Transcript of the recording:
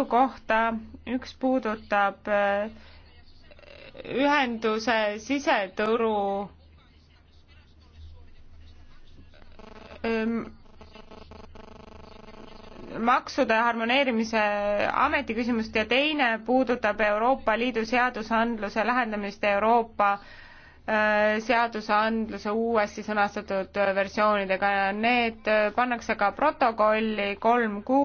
mitu kohta, üks puudutab äh, ühenduse siseturu ähm, maksude harmoneerimise ametiküsimust ja teine puudutab Euroopa Liidu seadusandluse lähendamist Euroopa äh, seadusandluse uuesti sõnastatud äh, versioonidega. Need pannakse ka protokolli kolm kuud.